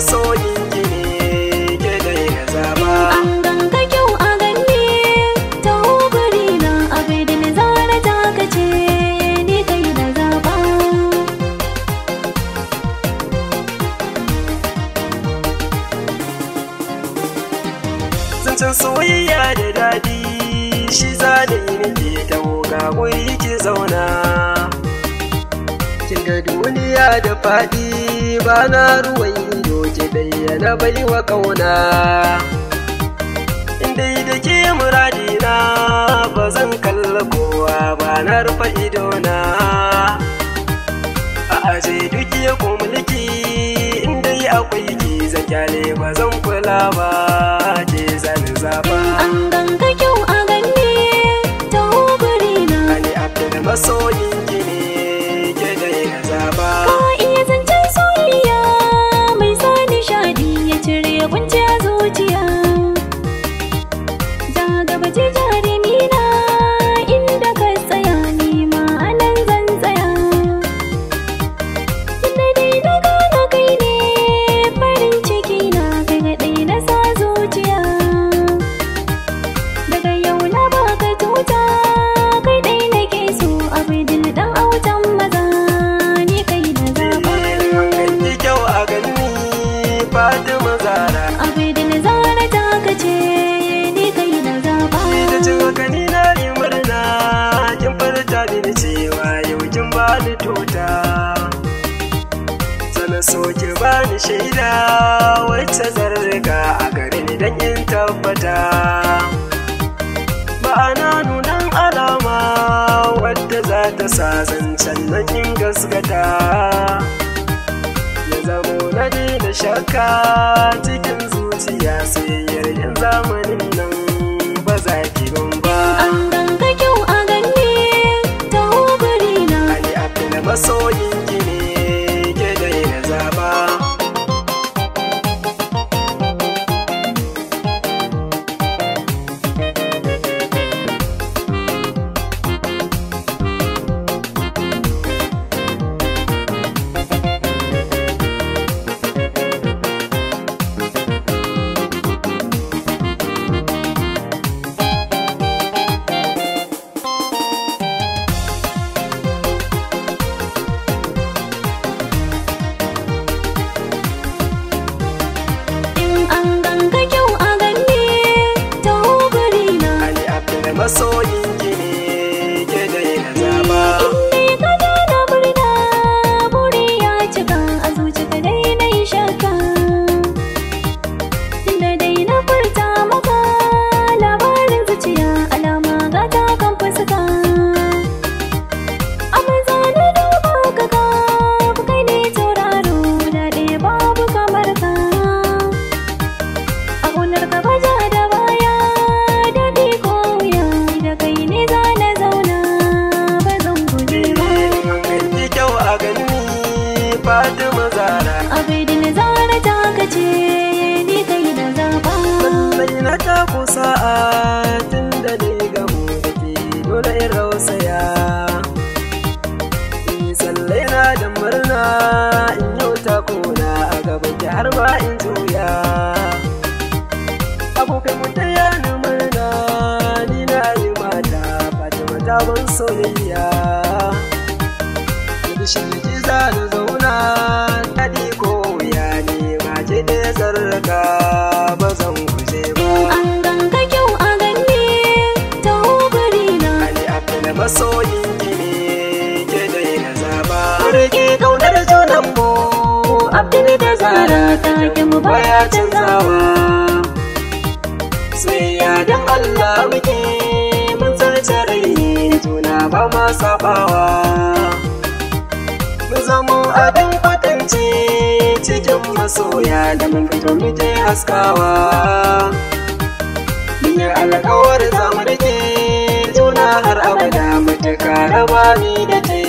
masoyin gine gine na zaba. an ganga kyau a ganye ta guri na abidin zara ce ne ni kai na zaba zancen soyayya da daɗi shi zane nake ta ga guri ki zauna kin ga duniya da faɗi ba na ruwan ido ki bayyana bai wa ƙauna dai da ke muradina ba zan kalla kowa ba na rufe idona a aje duk ya mulki in dai akwai ki zakyale ba zan kula ba kyauta zana soke bani shaida wacce zarga a garin dan yin tabbata na nunan alama wadda za ta sa zancen nan gaskata ya zamo na da shakka cikin zuciya sai yaryin zamanin sa'a tun da ni gamu da ke dole in rausaya in sallai na da murna in yau ta kona a gaban ki har ba in juya abokai mu ta yana murna ni na yi mata fatima ta ban soyayya ki za gyara taken mu baya canzawa Sai don Allah muke mun zarce rai juna ba ma sabawa mu zamo abin kwatance cikin masoya da mun fito muke haskawa mun yi alkawar zamu dake juna har abada mu ta karaba ni da ke